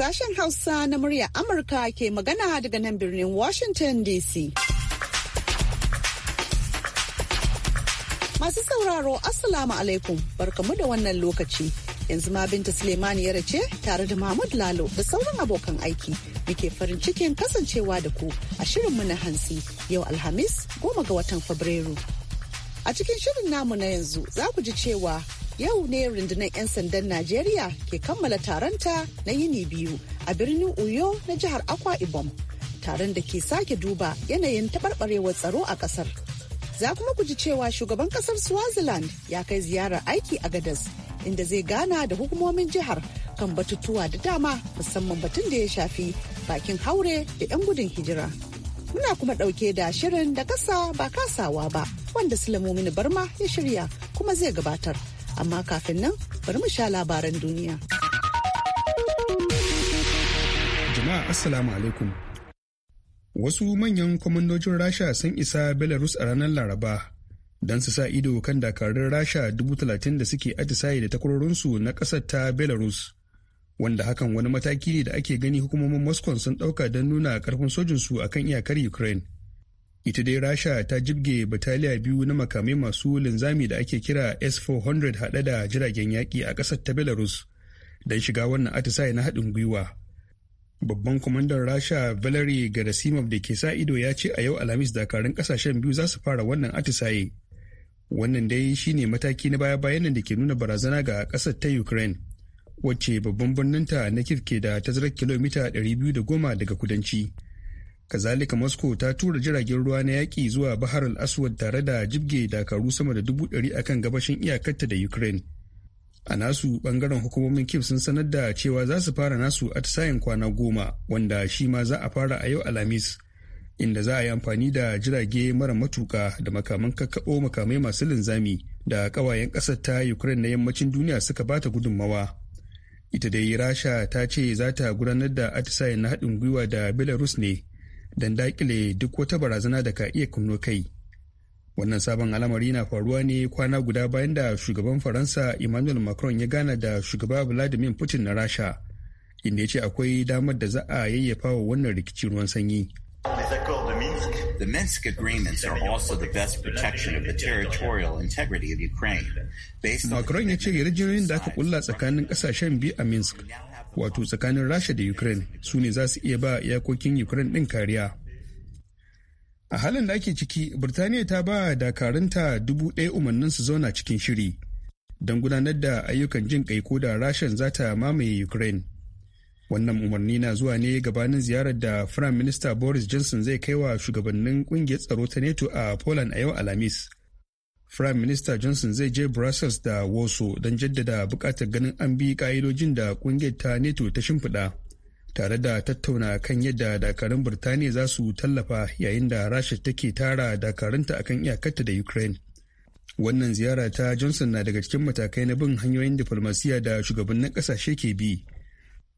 sashen Hausa na murya Amurka ke magana daga nan birnin Washington DC. Masu sauraro Assalamu alaikum barkamu da wannan lokaci. Yanzu ma Binta Suleiman ya ce tare da Mahmud Lalo da sauran abokan aiki muke farin cikin kasancewa da ku a shirinmu na hansi yau Alhamis goma ga watan Fabrairu. A cikin shirin namu na yanzu za ku ji cewa yau ne rundunar 'yan sandan najeriya ke kammala taronta na yini biyu a birnin uyo na jihar akwa ibom taron da ke sake duba yanayin taɓarɓarewar tsaro a ƙasar za kuma ku ji cewa shugaban ƙasar swaziland ya kai ziyarar aiki a gadas inda zai gana da hukumomin jihar kan batutuwa da dama musamman batun da ya shafi bakin haure da 'yan gudun hijira. muna kuma ɗauke da shirin da kasa ba kasawa ba wanda silamomin barma ya shirya kuma zai gabatar amma kafin nan bari mu sha labaran duniya. Jama'a Assalamu alaikum. Wasu manyan kwamandojin Rasha sun isa Belarus a ranar Laraba don su sa ido kan dakarun Rasha dubu talatin da suke atisaye da takwarorinsu na ƙasar ta Belarus. Wanda hakan wani mataki ne da ake gani hukumomin Moscow sun ɗauka don nuna ƙarfin sojinsu akan iyakar Ukraine. ita dai rasha ta jibge bataliya biyu na makamai masu linzami da ake kira s-400 hade da jiragen yaƙi a ƙasar ta belarus don shiga wannan atisaye na haɗin gwiwa babban kwamandan rasha valery gerasimov da ke sa ido ya ce a yau alhamis dakarun ƙasashen biyu za su fara wannan atisaye wannan dai shine mataki na baya-bayan da ke nuna barazana ga ƙasar ta ukraine wacce babban birninta na kif ke da tazarar kilomita 210 daga kudanci. kazalika moscow ta tura jiragen ruwa na yaƙi zuwa bahar al-aswad tare da jibge dakaru sama da dubu ɗari akan gabashin iyakarta da ukraine a nasu bangaren hukumomin kim sun sanar da cewa za su fara nasu atisayen kwana goma wanda shi ma za a fara a yau alhamis inda za a yi amfani da jirage mara matuka da makaman kakkaɓo makamai masu linzami da ƙawayen ƙasar ta ukraine na yammacin duniya suka ba ta gudunmawa ita dai rasha ta ce za ta gudanar da atisayen na haɗin gwiwa da belarus ne don dakile duk wata barazana da ka iya kunno kai wannan sabon al'amari na faruwa ne kwana guda bayan da shugaban faransa emmanuel macron ya gana da shugaba vladimir putin na rasha inda ya ce akwai damar da za a yayyafa wa wannan rikici ruwan sanyi The Minsk agreements are also the best protection of the territorial integrity of Ukraine. Macron ya ce yarjejeniyoyin da aka kulla tsakanin kasashen biyu a Minsk wato tsakanin rasha da ukraine su ne za su iya ba iyakokin ukraine din kariya a halin da ake ciki birtaniya ta ba dakarunta dubu ɗaya umarnin su zauna cikin shiri don gudanar da ayyukan jin kai ko da rashin za ta mamaye ukraine wannan umarni na zuwa ne gabanin ziyarar da firayim minista boris johnson zai kai wa shugabannin kungiyar tsaro ta neto a poland a yau alhamis Prime Minister Johnson zai je Brussels da Woso don jaddada bukatar ganin an bi ka'idojin da kungiyar ta NATO ta shimfiɗa, tare da tattauna kan yadda dakarun Birtaniya za su tallafa yayin da Rasha take tara dakarunta akan iyakarta da Ukraine. Wannan ziyara ta Johnson na daga cikin matakai na bin hanyoyin diflomasiyya da shugabannin kasashe ke bi.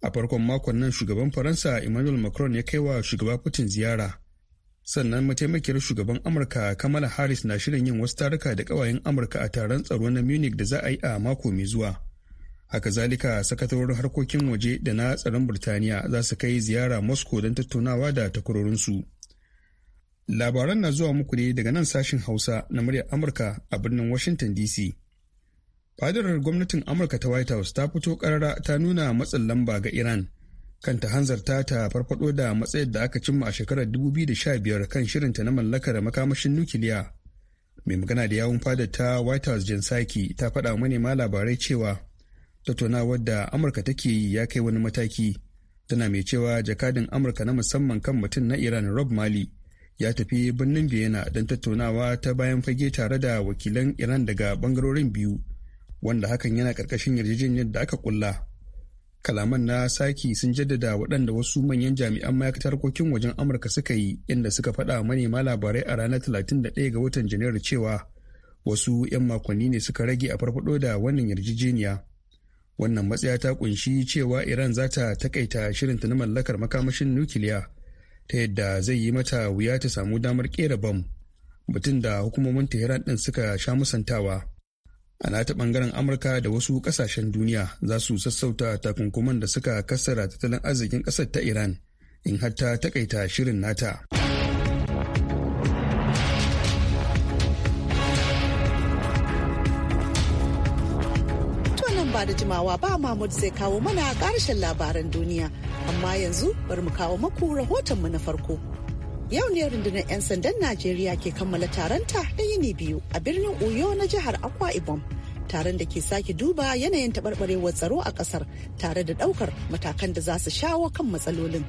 A farkon makon nan shugaban Faransa Emmanuel Macron ya kai wa shugaba Putin ziyara. sannan mataimakiyar shugaban amurka kamala harris na shirin yin wasu taruka da kawayen amurka a taron tsaro na munich da za a yi a mako mai zuwa haka zalika sakatarorin harkokin waje da na tsaron Birtaniya za su kai ziyara moscow don tattaunawa da takwarorinsu labaran na zuwa muku ne daga nan sashen hausa na muryar amurka a birnin washington dc fadarar gwamnatin amurka ta white house ta fito karara ta nuna matsin lamba ga iran kan ta hanzarta ta farfado da matsayin da aka cimma a shekarar 2015 kan shirinta na mallakar makamashin nukiliya. Mai magana da yawun fadar ta White House Jen Psaki ta faɗa manema labarai cewa tattaunawar da Amurka take yi ya kai wani mataki. Tana mai cewa jakadin Amurka na musamman kan mutum na Iran Rob Mali ya tafi birnin Vienna don tattaunawa ta bayan fage tare da wakilan Iran daga bangarorin biyu, wanda hakan yana ƙarƙashin yarjejeniyar da aka kulla. kalaman na saki sun jaddada waɗanda wasu manyan jami'an ma'aikatar harkokin wajen amurka suka yi inda suka faɗa manema labarai a ranar 31 ga watan janairu cewa wasu 'yan makonni ne suka rage a farfado da wannan yarjejeniya wannan matsaya ta kunshi cewa iran za ta takaita ta na mallakar makamashin nukiliya ta yadda zai yi mata wuya ta samu damar kera bam batun da hukumomin tehran ɗin suka sha musantawa a nata bangaren amurka da wasu kasashen duniya za su sassauta takunkuman da suka kassara tattalin arzikin kasar ta iran in hatta takaita shirin nata ba da jimawa ba mahmud zai kawo mana karshen labaran duniya amma yanzu bari mu kawo maku rahotonmu na farko yau ne rundunar 'yan sandan najeriya ke kammala taronta da yini biyu a birnin oyo na jihar akwa ibom taron da ke sake duba yanayin taɓarɓarewar tsaro a ƙasar tare da ɗaukar matakan da za su shawo kan matsalolin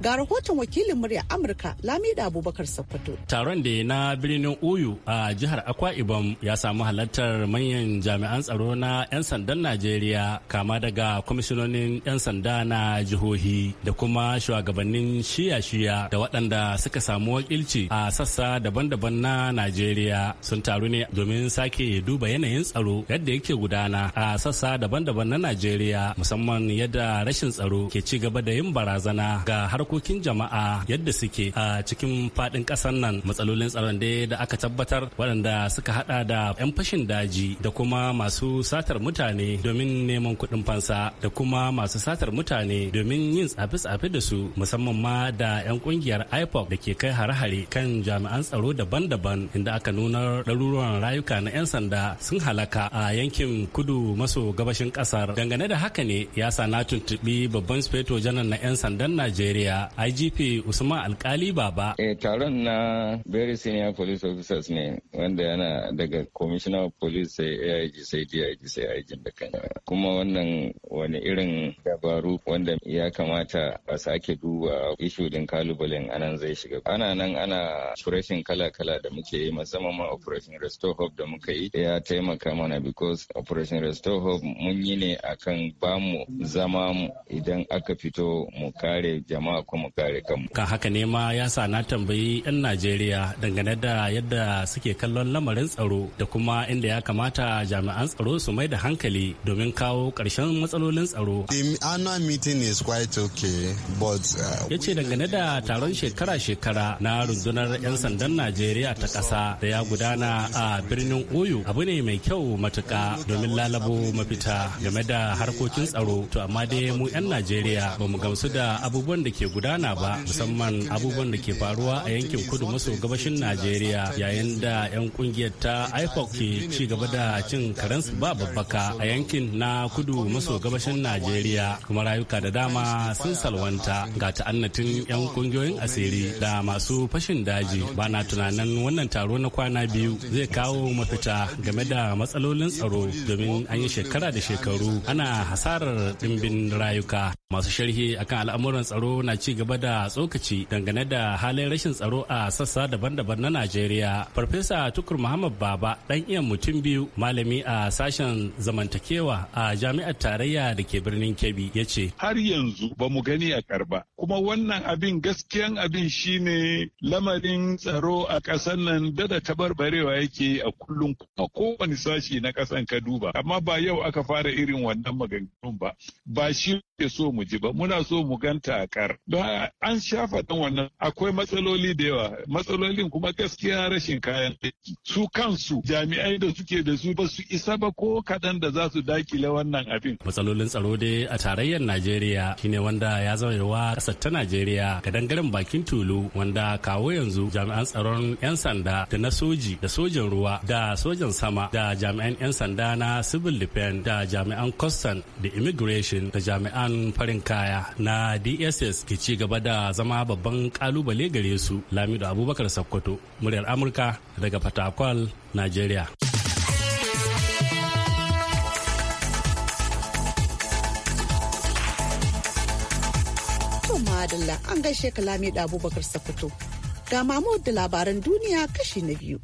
Ga rahoton wakilin murya Amurka Lamida Abubakar Sokoto. Taron da na birnin Uyu a jihar Akwa Ibom ya samu halartar manyan jami'an tsaro na 'yan sandan Najeriya kama daga kwamishinonin 'yan sanda na jihohi da kuma shugabannin shiya-shiya da waɗanda suka samu wakilci a sassa daban-daban na Najeriya sun taru ne domin sake duba yanayin tsaro yadda yake gudana a sassa daban-daban na Najeriya musamman yadda rashin tsaro ke ci gaba da yin barazana ga har harkokin jama'a yadda suke a cikin faɗin kasar nan matsalolin tsaron da da aka tabbatar waɗanda suka hada da 'yan fashin daji da kuma masu satar mutane domin neman kuɗin fansa da kuma masu satar mutane domin yin tsafe-tsafe da su musamman ma da 'yan ƙungiyar ipop da ke kai hare-hare kan jami'an tsaro daban-daban inda aka nuna ɗaruruwan rayuka na 'yan sanda sun halaka a yankin kudu maso gabashin ƙasar dangane da haka ne ya sa na tuntuɓi babban speto janar na 'yan sandan najeriya IGP Usman Alkali Baba. Eh taron na very senior police officers ne wanda yana daga commissioner of police sai AIG sai DIG sai IG da kanya. Kuma wannan wani irin dabaru wanda ya kamata a sake duba issue din kalubalen anan zai shiga. Ana nan ana operation kala-kala da muke yi musamman ma operation restore hope da muka yi ya taimaka mana because operation restore hope mun yi ne akan bamu zama mu idan aka fito mu kare jama'a kuma kare kanmu. Kan haka ne ma ya sa na tambayi 'yan Najeriya dangane da yadda suke kallon lamarin tsaro da kuma inda ya kamata jami'an tsaro su mai da hankali domin kawo ƙarshen matsalolin tsaro. The annual meeting is quite okay, but... Uh, ya ce dangane da taron shekara-shekara na rundunar 'yan sandan Najeriya ta ƙasa da ya gudana a birnin Oyo abu ne mai kyau matuka domin lalabo mafita game da harkokin tsaro. To amma dai mu 'yan Najeriya ba mu gamsu da abubuwan da ke gudana ba musamman abubuwan da ke faruwa a yankin kudu maso gabashin najeriya yayin da 'yan kungiyar ta ipoc ke ci gaba da cin karensu ba babbaka a yankin na kudu maso gabashin najeriya kuma rayuka da dama sun salwanta ga ta'annatin 'yan kungiyoyin asiri da masu fashin daji ba na tunanin wannan taro na kwana biyu zai kawo mafita game da matsalolin tsaro domin an yi shekara da shekaru ana hasarar dimbin rayuka masu sharhi akan al'amuran tsaro na ci gaba da tsokaci dangane da halin rashin tsaro a sassa daban-daban na Najeriya. Farfesa Tukur Muhammad Baba dan iya mutum biyu malami a sashen zamantakewa a jami'ar tarayya da ke birnin Kebbi ya ce. Har yanzu ba mu gani a karba kuma wannan abin gaskiyan abin shine lamarin tsaro a ƙasar nan dada tabarbarewa yake a kullum a kowane sashi na ƙasan ka duba amma ba yau aka fara irin wannan maganganun ba ba shi ke so mu ji ba muna so mu ganta a kar Don an shafa ɗan wannan akwai matsaloli da yawa. Matsalolin kuma gaskiya rashin kayan aiki. Su kansu jami'ai da suke da su ba su isa ba ko kaɗan da za su dakile wannan abin. Matsalolin tsaro dai a tarayyar Najeriya shine wanda ya zama yawa ƙasar ta Najeriya ga dangaren bakin tulu wanda kawo yanzu jami'an tsaron 'yan sanda da na soji da sojan ruwa da sojan sama da jami'an 'yan sanda na civil defense da jami'an custom da immigration da jami'an farin kaya na DSS ke ci gaba da zama babban kalubale gare su lamido abubakar sakkwato muryar amurka daga fatakwal nigeria an gaishe ka da Abubakar Sakkwato. Ga mamu da labaran duniya kashi na biyu.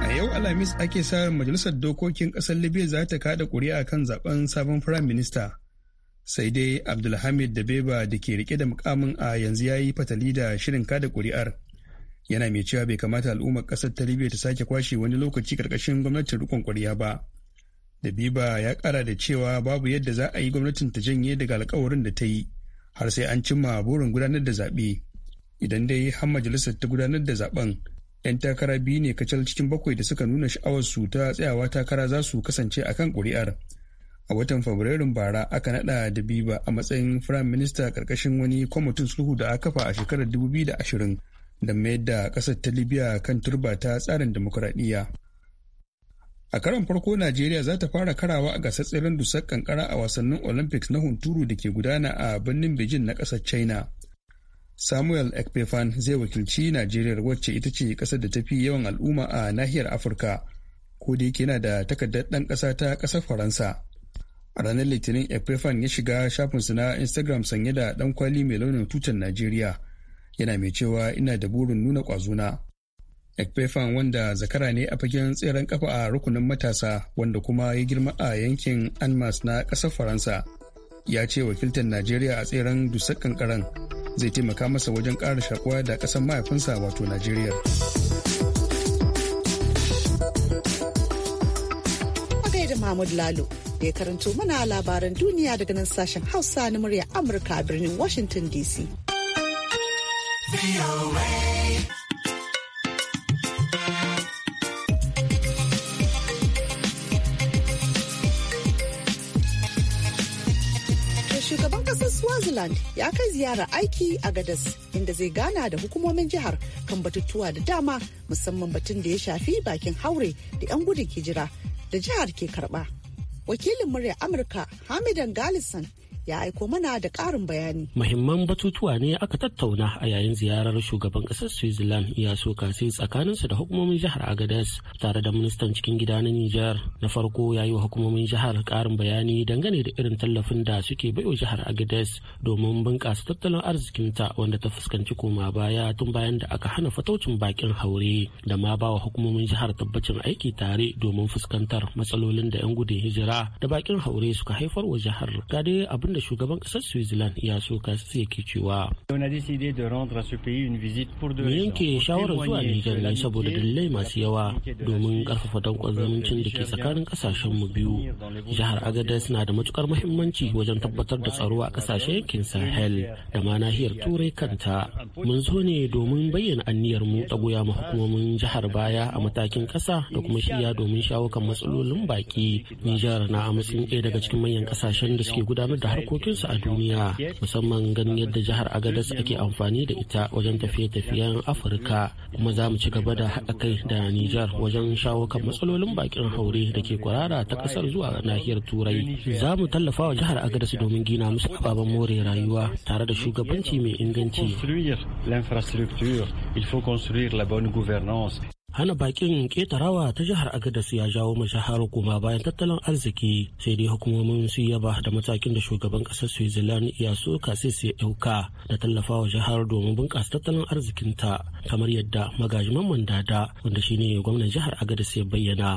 A yau Alhamis ake sa majalisar dokokin ƙasar Libya za ta kada ƙuri'a kan zaben sabon firayim minista sai dai abdulhamid da beba da ke rike da mukamin a yanzu ya yi fatali da shirin kada kuri'ar yana mai cewa bai kamata al'ummar kasar ta libya ta sake kwashe wani lokaci karkashin gwamnatin rikon kwariya ba da beba ya kara da cewa babu yadda za a yi gwamnatin ta janye daga alkawarin da ta yi har sai an cimma burin gudanar da zaɓe idan dai har majalisar ta gudanar da zaɓen yan takara biyu ne kacal cikin bakwai da suka nuna sha'awar su ta tsayawa takara za su kasance akan kuri'ar. ƙuri'ar a watan fabrairun bara aka nada da biba a matsayin firayim minista karkashin wani kwamitin sulhu da aka kafa a shekarar 2020 da mayar da kasar ta libya kan turba ta tsarin demokuraɗiyya a karon farko najeriya za ta fara karawa a gasar tseren dusar kankara a wasannin olympics na hunturu da ke gudana a birnin beijing na kasar china samuel ekpefan zai wakilci najeriya wacce ita ce kasar da ta fi yawan al'umma a nahiyar afirka ko da yake yana da takardar ɗan ƙasa ta ƙasar faransa a ranar litinin ekpefan ya shiga shafinsu na instagram sanye da dan kwali mai launin tutan najeriya yana mai cewa ina da burin nuna kwazuna ekpefan wanda zakara ne a fagen tseren kafa a rukunin matasa wanda kuma ya girma a yankin anmas na ƙasar faransa ya ce wakiltar najeriya a tseren dusar kankaran zai taimaka masa wajen ƙara shakuwa da ƙasar mahaifinsa wato najeriya Mahmud Lalo da ya karanto mana labaran duniya daga nan sashen Hausa na murya Amurka a birnin Washington DC. Shugaban ƙasar Swaziland ya kai ziyara aiki a Gadas inda zai gana da hukumomin jihar kan batutuwa da dama musamman batun da ya shafi bakin haure da 'yan gudun hijira da jihar ke karba. Wakilin murya Amurka Hamidan Galison ya aiko mana da ƙarin bayani. Muhimman batutuwa ne aka tattauna a yayin ziyarar shugaban ƙasar Switzerland ya so kasi tsakaninsu da hukumomin jihar Agadez tare da ministan cikin gida na Nijar. Na farko ya yi wa hukumomin jihar ƙarin bayani dangane da irin tallafin da suke baiwa jihar Agadez domin bunƙasa tattalin arzikinta wanda ta fuskanci koma baya tun bayan da aka hana fataucin bakin haure da ma ba wa hukumomin jihar tabbacin aiki tare domin fuskantar matsalolin da 'yan gudun hijira da bakin haure suka haifar wa jihar. Ga dai abin wanda shugaban kasar switzerland ya so kasu yake cewa mu yanke shawarar zuwa niger ne saboda dalilai masu yawa domin karfafa dankon zamuncin da ke tsakanin kasashen mu biyu jihar agadez suna da matukar muhimmanci wajen tabbatar da tsaro a kasashen yankin sahel da ma nahiyar turai kanta mun zo ne domin bayyana anniyar mu ta goya ma hukumomin jihar baya a matakin kasa da kuma shirya domin shawo kan matsalolin baki niger na a ɗaya daga cikin manyan kasashen da suke gudanar da har harkokinsu a duniya musamman ganin yadda jihar agadas ake amfani da ita wajen tafiye-tafiyen afirka kuma za mu ci gaba da haɗa kai da nijar wajen shawo kan matsalolin bakin haure da ke kwarara ta ƙasar zuwa nahiyar turai za mu tallafa wa jihar agadas domin gina musu ababen more rayuwa tare da shugabanci mai inganci hana bakin ketarawa ta jihar agadas ya jawo mashahar kuma bayan tattalin arziki sai dai hukumomin su yaba da matakin da shugaban kasar switzerland ya so kasis ya dauka da tallafawa jihar domin bunkasa tattalin arzikin ta kamar yadda magajiman mandada wanda shine gwamnan jihar agadas ya bayyana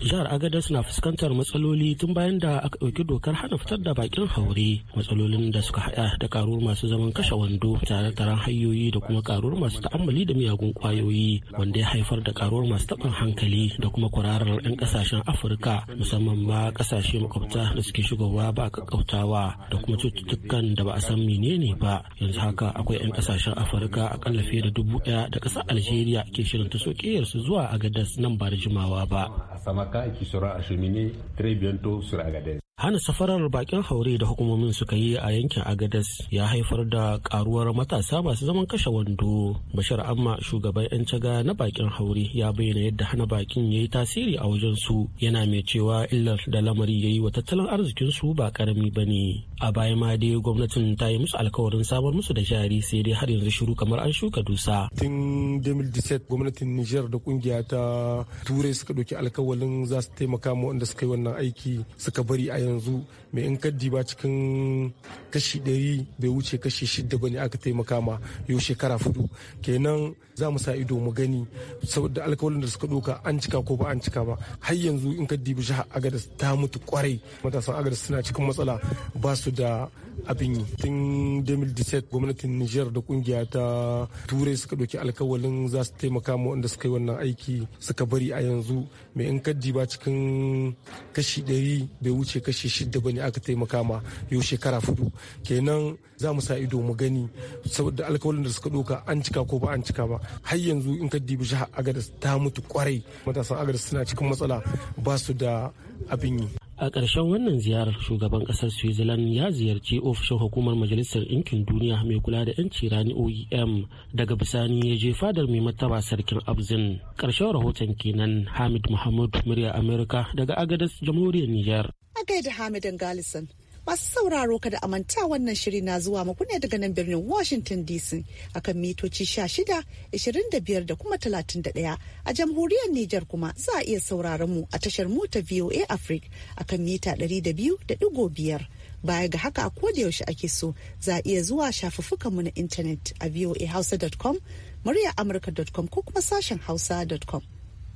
jihar agadas na fuskantar matsaloli tun bayan da aka ɗauki dokar hana fitar da bakin haure matsalolin da suka haɗa da karuwar masu zaman kashe wando tare da hanyoyi da kuma karuwar masu ta'ammali da miyagun kwayoyi wanda ya haifar da karuwar masu taɓin hankali da kuma kwararar 'yan kasashen afirka musamman ma kasashe makwabta da suke shigowa ba a kakkautawa da kuma cututtukan da ba a san menene ba yanzu haka akwai 'yan kasashen afirka akalla fiye da dubu ɗaya da ƙasar algeria ke shirin ta su zuwa agadas nan ba da jimawa ba hana safarar bakin haure da hukumomin suka yi a yankin agadas ya haifar da karuwar matasa masu zaman kashe wando bashar amma shugaban 'yan caga na bakin haure ya bayyana yadda hana bakin ya yi tasiri a wajen su yana mai cewa illar da lamari ya yi wa tattalin arzikin su ba karami ba ne a baya ma dai gwamnatin ta yi musu alkawarin samar musu da jari sai dai har yanzu shiru kamar an shuka dusa tun 2017 gwamnatin niger da kungiya ta turai suka ɗauki alkawalin za su taimaka mu wanda suka yi wannan aiki suka bari a yanzu mai in kaddi ba cikin kashi ɗari bai wuce kashi shida bane aka taimaka ma yau shekara hudu kenan za mu sa ido mu gani saboda alkawalin da suka doka an cika ko ba an cika ba har yanzu in ka dibi jihar agadas ta mutu kwarai matasan agadas suna cikin matsala ba su da abin yi tun 2017 gwamnatin niger da kungiya ta turai suka doki alkawalin za su taimaka mu wanda suka yi wannan aiki suka bari a yanzu mai in ka diba cikin kashi 100 bai wuce kashi shida bane aka taimaka ma yau shekara fudu kenan za mu sa ido mu gani saboda alkawalin da suka doka an cika ko ba an cika ba har yanzu in ka dibi jihar agadas ta mutu kwarai matasan agadas suna cikin matsala ba su da abin yi a ƙarshen wannan ziyarar shugaban ƙasar switzerland ya ziyarci ofishin hukumar majalisar ɗinkin duniya mai kula da 'yanci rani oem daga bisani ya je fadar mai mataba sarkin abzin ƙarshen rahoton kenan hamid muhammad murya amurka daga agadas jamhuriyar niger agaida hamidin galison Masu sauraro kada a manta wannan shiri na zuwa muku ne daga nan birnin Washington DC akan mitoci 16, 25 da kuma 31 a jamhuriyar Nijar kuma za a iya sauraron mu a tashar mota VOA Africa akan mita 200.5. baya ga haka a yaushe ake so za a iya zuwa shafuffukanmu na intanet a voahausa.com murya amurka.com ko kuma sashen hausa.com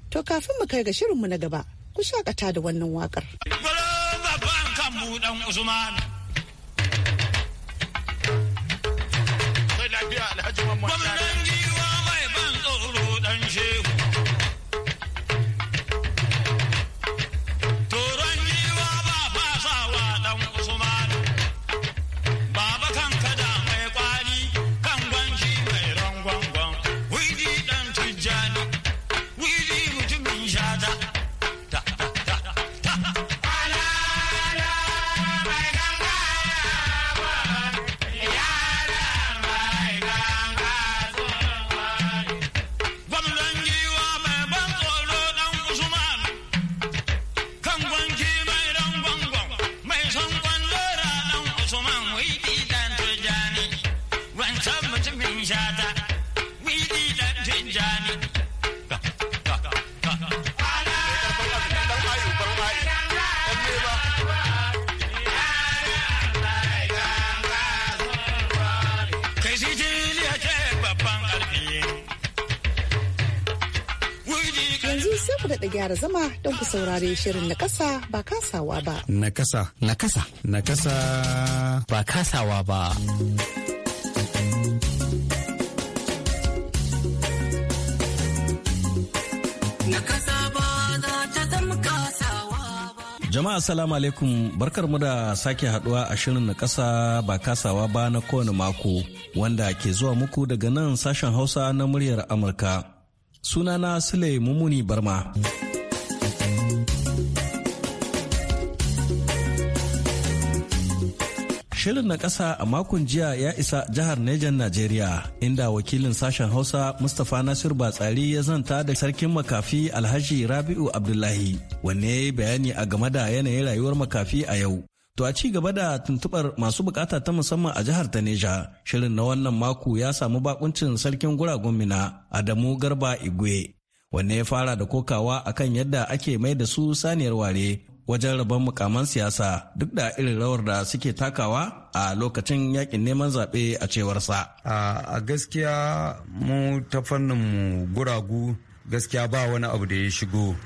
to kafin mu kai ga shirinmu na gaba ku shakata da wannan wakar. Sambu dan Usman. Sai lafiya Alhaji Mamman. Gwamnan jiwa mai ban tsoro dan shehu. gyara zama don ku saurare shirin na kasa ba kasawa ba. Na kasa. Na kasa. Na kasa. Ba kasawa ba. Jama'a salamu alaikum barkar mu da sake haduwa a shirin na kasa ba kasawa ba na kowane mako wanda ke zuwa muku daga nan sashen hausa na muryar Amurka. sunana sule mumuni barma shirin na ƙasa a makon jiya ya isa jihar Nejan Najeriya inda wakilin sashen Hausa Mustapha Nasir Batsari ya zanta da sarkin makafi Alhaji Rabi'u Abdullahi wanne bayani a game da yanayin rayuwar makafi a yau. To a ci gaba da tuntubar masu bukata ta musamman a jihar Taneja, shirin na wannan mako ya samu bakuncin sarkin guragun mina Adamu Garba Igwe, wanne ya fara da kokawa akan yadda ake mai da su saniyar ware wajen rabon mukaman siyasa duk da irin rawar da suke takawa a lokacin yakin neman zaɓe a cewarsa. A gaskiya mu ta fannin mu guragu gaskiya ba wani abu da ya shigo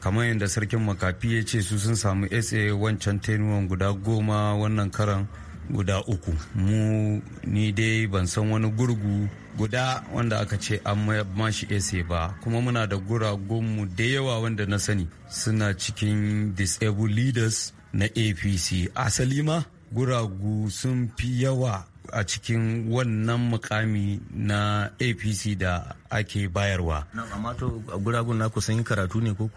kamar yadda sarkin makafi ya ce su sun samu sa wancan tenuwan guda goma wannan karan guda uku mu ni dai ban san wani gurgu guda wanda aka ce an mashi sa ba kuma muna da guragunmu da yawa wanda na sani suna cikin disabled leaders na apc asali ma guragu sun fi yawa a cikin wannan mukami na apc da ake bayarwa. Amma to guragun na karatu ne ko.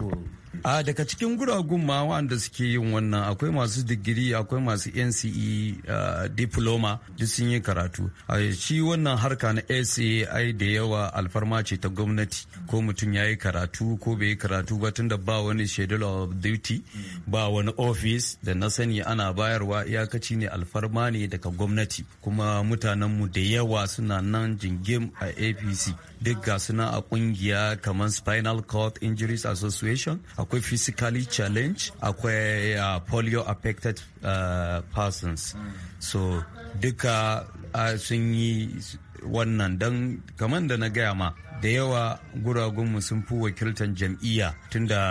A daga cikin guragun ma wanda suke yin wannan akwai masu digiri akwai masu NCE diploma duk sun yi karatu. Shi wannan harka na SAI e da yawa alfarma ce ta gwamnati ko mutum ya yi karatu ko bai yi karatu ba tunda ba wani schedule of duty ba wani office da na sani ana bayarwa iyakaci ne alfarma ne daga gwamnati kuma mutanenmu da yawa suna nan jingim a APC duk ga suna a kungiya kamar spinal cord injuries association akwai physically challenge akwai uh, polio affected uh, persons so duka uh, sun yi wannan don kamar da na gaya ma da yawa guragunmu sun fi wakiltar jam'iyya tunda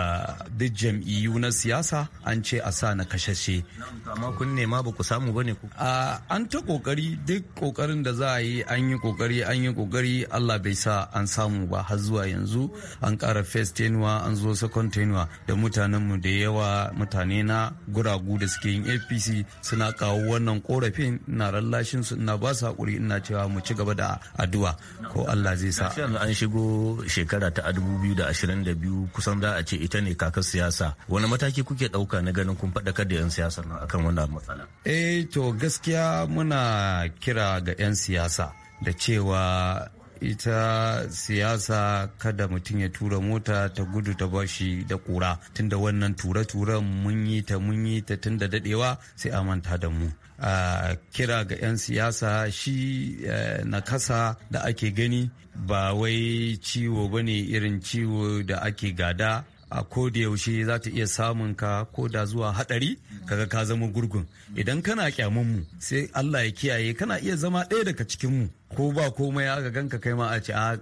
duk jam'iyyu na siyasa an ce a sa na kashashe. amma kun nema ba ku samu ba ne ku. an ta kokari duk kokarin da za a yi an yi kokari an yi kokari allah bai sa an samu ba har zuwa yanzu an kara first tenuwa an zo second tenuwa da mutanenmu da yawa mutane na guragu da suke yin apc suna kawo wannan korafin na rallashin su ina ba su haƙuri ina cewa mu ci gaba da da addu'a ko Allah zai sa an shigo shekara ta 2022 kusan za a ce ita ne kakar siyasa wani mataki kuke dauka na ganin kun faɗakar da 'yan siyasa akan wannan matsala eh to gaskiya muna kira ga 'yan siyasa da cewa ita siyasa kada mutum ya tura mota ta gudu ta bashi da kura tunda wannan tura turan mun yi ta mun yi ta tunda dadewa sai a manta da mu kira ga 'yan siyasa shi na eh, nakasa da ake gani ba wai ciwo ba ne irin ciwo da ake gada a da yaushe za ta iya samun ka ko da zuwa hadari kaga ka zama gurgun idan kana kyamun mu sai Allah ya kiyaye kana iya zama ɗaya daga cikin mu ko ba komai aka ganka kai ma a ce ah,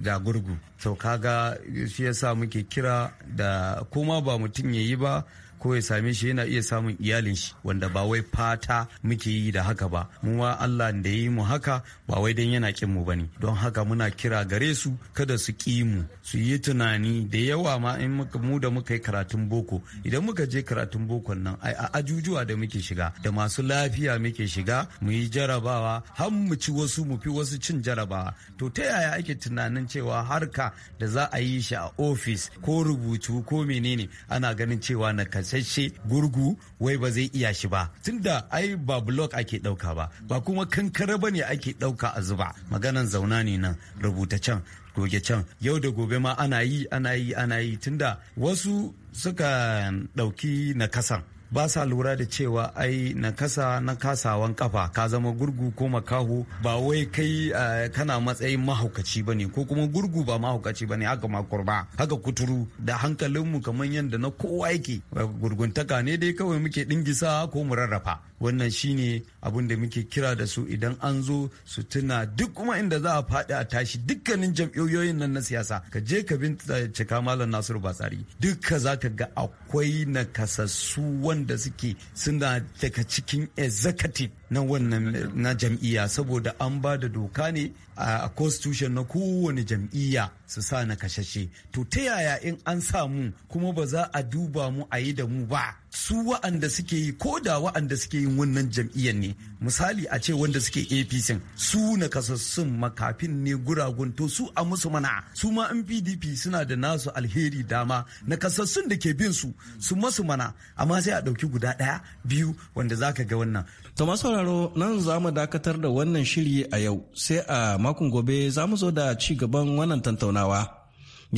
ga gurgu to kaga shi yasa muke kira da koma ba mutum ya yi ba ko ya same shi yana iya samun iyalin shi wanda ba wai fata muke yi da haka ba mu wa Allah da ya yi mu haka ba wai dan yana kin mu bane don haka muna kira gare su kada su ki mu su yi tunani da yawa ma in mu da muka yi karatun boko idan muka je karatun bokon nan ai a ajujuwa da muke shiga da masu lafiya muke shiga mu yi jarabawa har mu ci wasu mu fi wasu cin jarabawa to ta yaya ake tunanin cewa harka da za a yi shi a ofis ko rubutu ko menene ana ganin cewa na isasshe gurgu wai ba zai iya shi ba tunda ai ba block ake dauka ba ba kuma kankara bane ake dauka a zuba maganan zauna ne nan rubuta can goge can yau da gobe ma ana yi ana yi ana yi tunda wasu suka dauki na kasan ba sa lura da cewa ai na kasa na kasawan kafa ka zama gurgu ko makaho ba wai kai kana matsayin mahaukaci ba ne ko kuma gurgu ba mahaukaci ba ne haka makur haka kuturu da hankalinmu kamar yadda na kowa yake gurguntaka ne dai kawai muke dingisa ko mu rarrafa wannan shine abin da muke kira da su idan an zo su tuna duk kuma inda za a faɗi a tashi dukkanin jam'iyyoyin nan na siyasa ka je ka bincika malam nasiru batsari dukka za ka ga akwai nakasassu wanda suke suna daga cikin executive na wannan na jam'iyya saboda an ba da doka ne a constitution na kowane jam'iyya su sa na kashashe to ta yaya in an sa mu kuma ba za a duba mu a yi da mu ba su wa'anda suke yi ko da wa'anda suke yin wannan jam'iyyar ne misali a ce wanda suke apc su na kasassun makafin ne guragun to su a musu mana su ma in pdp suna da nasu alheri dama na kasassun da ke bin su su masu mana amma sai a ɗauki guda ɗaya biyu wanda zaka ga wannan to masu sauraro nan za mu dakatar da wannan shiri a yau sai a makon gobe za mu zo da ci gaban wannan tantaunawa.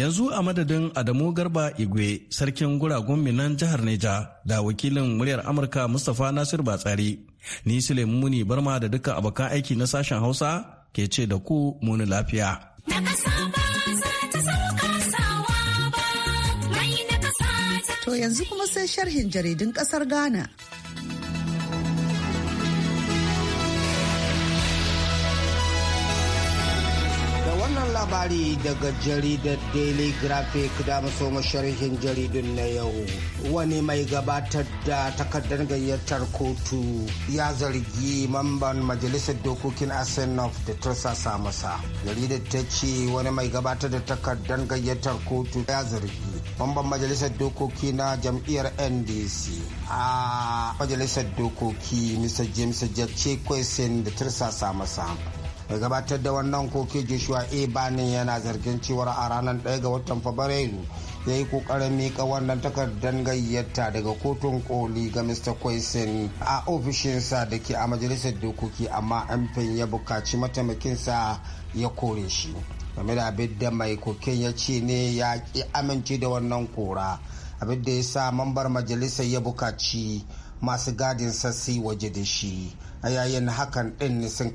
yanzu a madadin adamu garba igwe sarkin guragun minan jihar neja da wakilin muryar amurka mustapha nasir batsari ni sulaimu muni barma da duka abokan aiki na sashen hausa ke ce da ku muni lafiya to yanzu kuma sai sharhin jaridun ƙasar ghana labari daga jaridar Daily Graphic da maso jaridun na yau. Wani mai gabatar da takardar gayyatar kotu ya zargi mamban majalisar dokokin Asenov da tursasa masa. Jaridar ta ce wani mai gabatar da takardar gayyatar kotu ya zargi mamban majalisar dokoki na jam'iyyar NDC. A majalisar dokoki Mr. James jacques da tursasa masa. mai gabatar da wannan koke joshua a banin yana zargin cewar a ranar 1 ga watan fabrairu ya yi kokarin mika wannan takardar gayyata daga kotun koli ga mr kwaisin a ofishinsa da ke a majalisar dokoki amma amfin ya bukaci mataimakinsa ya kore shi game da abin da mai koken ya ce ne ya ki amince da wannan kora abin da ya sa mambar majalisar ya bukaci masu gadin sassi waje da shi a yayin hakan ɗin sun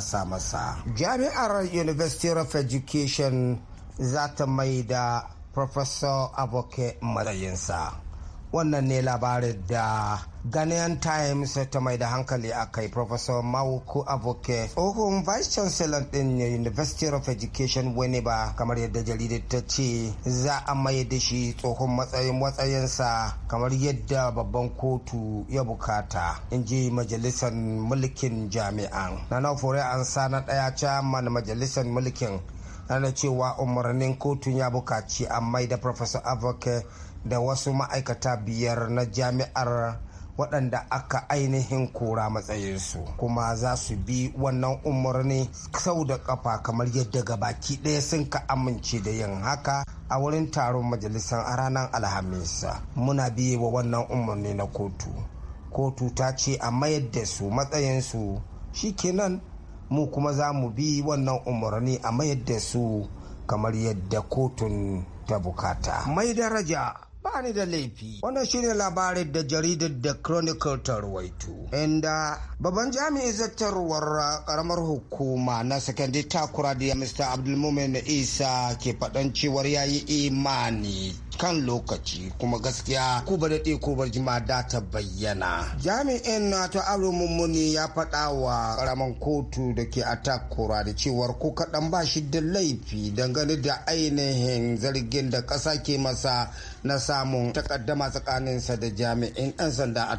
sa masa jami'ar university of education za ta mai da professor abokai matsayinsa wannan ne labarin da Ghanaian Times ta mai da hankali a kai Professor mawuku Aboke, tsohon Vice Chancellor din University of Education ba kamar yadda jaridar ta ce za a mai da shi tsohon matsayin matsayinsa kamar yadda babban kotu ya bukata, in ji majalisar mulkin jami'an. Nana Fure an sa na ɗaya caman majalisar mulkin, na cewa umarnin kotun ya bukaci a mai da Professor Aboke da wasu ma'aikata biyar na jami'ar waɗanda aka ainihin kora matsayinsu kuma za su bi wannan umarni sau da kafa kamar yadda ga baki ɗaya sun ka amince da yin haka a wurin taron majalisar a ranar alhamis muna biye wa wannan umarni na kotu kotu ta ce a mayar da su matsayinsu kenan mu kuma za mu bi wannan umarni a mayar da su kamar yadda kotun ta bukata mai daraja ba ni da laifi wannan shine labarin da jaridar da chronicle ta ruwaito inda babban jami'in zartarwar karamar hukuma na sakandare takura da mr abdulmumin isa ke faɗan cewar yayi imani kan lokaci kuma gaskiya ku ba daɗe ko bar jima da ta bayyana jami'in na ta aro mummuni ya faɗa wa ƙaramin kotu da ke atakura da cewar ko kaɗan ba shi da laifi dangane da ainihin zargin da ƙasa ke masa na samun takaddama tsakaninsa da jami'in ɗan sanda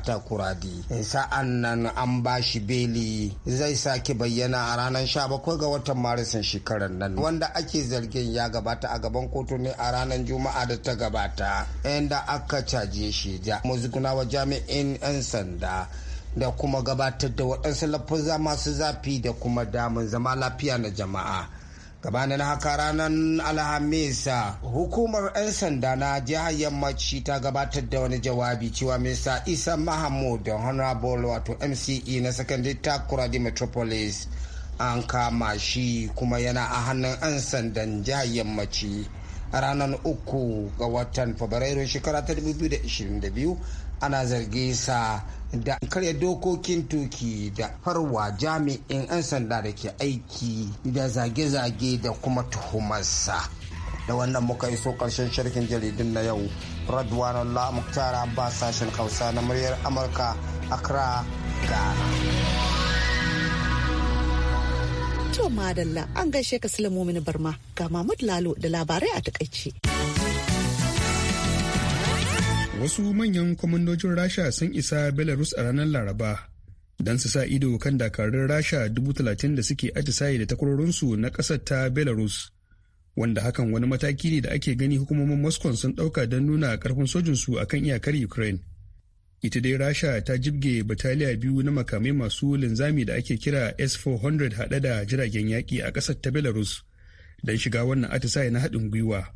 di. sa'an nan an ba shi beli zai sake bayyana a ranar 17 ga watan maris shekarar nan wanda ake zargin ya gabata a gaban kotu ne a ranar juma'a da ta gabata gabata inda aka caje shi da wa jami'in 'yan sanda da kuma gabatar da waɗansu lafuza masu zafi da kuma damun zama lafiya na jama'a gabanin haka ranar alhamis hukumar 'yan sanda na jihar yammaci ta gabatar da wani jawabi cewa mista isa mahamud da honorable wato mce na secondary kuradi metropolis an kama shi kuma yana a hannun 'yan sandan jihar yammaci ranar uku ga watan fabrairu shekara ta 2022 ana zarge sa da karya dokokin tuki da farwa jami'in 'yan sanda da ke aiki da zage-zage da kuma tuhumarsa da wannan muka iso karshen shirkin jaridun na yau radwan allah muktar sashen hausa na muryar amurka accra ghana To madalla an gaishe ka Sulaimu Barma ga Mahmud Lalo da labarai a takaice. Wasu manyan kwamandojin Rasha sun isa Belarus a ranar Laraba don su sa ido kan dakarun Rasha dubu talatin da suke atisaye da takwarorinsu na ƙasar ta Belarus. Wanda hakan wani mataki ne da ake gani hukumomin Moscow sun ɗauka don nuna ƙarfin sojinsu a kan iyakar Ukraine. ita dai rasha ta jibge bataliya biyu na makamai masu linzami da ake kira s-400 hade da jiragen yaƙi a ƙasar ta belarus don shiga wannan atisaye na haɗin gwiwa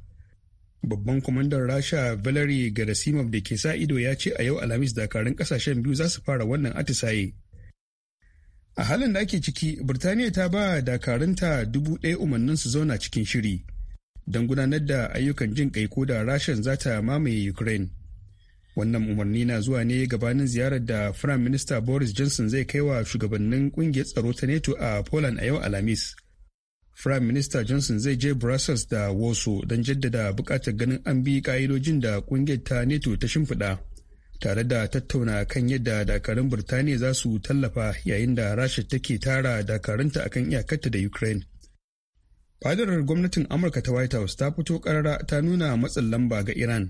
babban kwamandan rasha valery gerasimov da ke sa ido ya ce a yau alhamis dakarun ƙasashen biyu za su fara wannan atisaye a halin da ake ciki birtaniya ta ba dakarunta dubu ɗaya umarnin su zauna cikin shiri don gudanar da ayyukan jin kai ko da rashin za ta mamaye ukraine wannan umarni na zuwa ne gabanin ziyarar da firayim minista boris johnson zai kai wa shugabannin kungiyar tsaro ta neto a poland a yau alhamis firayim minista johnson zai je brussels da woso don jaddada bukatar ganin an bi ka'idojin da kungiyar ta neto ta shimfiɗa tare da tattauna kan yadda dakarun birtaniya za su tallafa yayin da rasha take tara dakarunta akan iyakarta da ukraine fadarar gwamnatin amurka ta white house ta fito karara ta nuna matsin lamba ga iran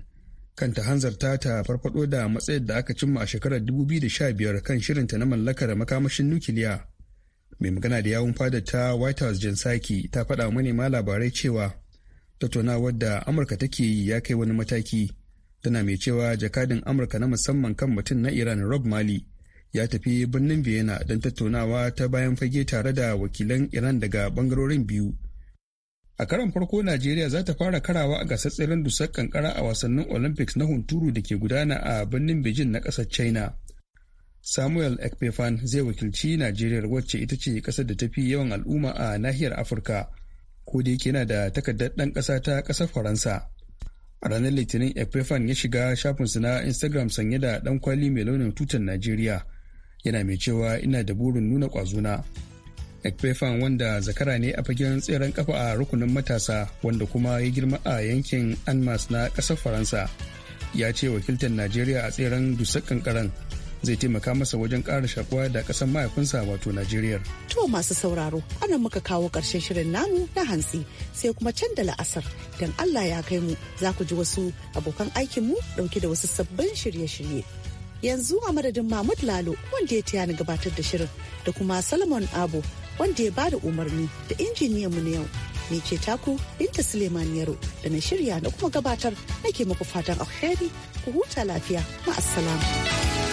kan ta hanzarta ta farfado da matsayin da aka cimma a shekarar 2015 kan shirinta na mallakar makamashin nukiliya. Mai magana da yawun fada ta White House Jen Psaki ta faɗa manema labarai cewa tattaunawar da Amurka take yi ya kai wani mataki. Tana mai cewa jakadin Amurka na musamman kan mutum na Iran Rob Mali ya tafi birnin Vienna don tattaunawa ta bayan fage tare da wakilan Iran daga bangarorin biyu a karon farko najeriya za ta fara karawa a gasar tseren dusar kankara a wasannin olympics na hunturu da ke gudana a birnin beijing na ƙasar china samuel ekpefan zai wakilci najeriya wacce ita ce ƙasar da ta fi yawan al'umma a nahiyar afirka ko da yake yana da takardar ɗan ƙasa ta ƙasar faransa a ranar litinin ekpefan ya shiga shafinsa na instagram sanye da ɗan kwali mai launin tutar najeriya yana mai cewa ina da burin nuna ƙwazona. ekpefan wanda zakara ne a fagen tseren kafa a rukunin matasa wanda kuma ya girma a yankin anmas na ƙasar faransa ya ce wakiltar najeriya a tseren dusar kankaran zai taimaka masa wajen ƙara shakuwa da ƙasar mahaifinsa wato Najeriya. To masu sauraro, anan muka kawo ƙarshen shirin namu na hantsi sai kuma can da la'asar don Allah ya kai mu za ku ji wasu abokan aikinmu ɗauke da wasu sabbin shirye-shirye. Yanzu a madadin Mahmud Lalo wanda ya taya ni gabatar da shirin da kuma Salomon Abo wanda ya bada umarni da injiniyan mu na yau ni ce taku binta suleiman yaro da na shirya na kuma gabatar ake muku fatan alheri ku huta lafiya ma'assalam.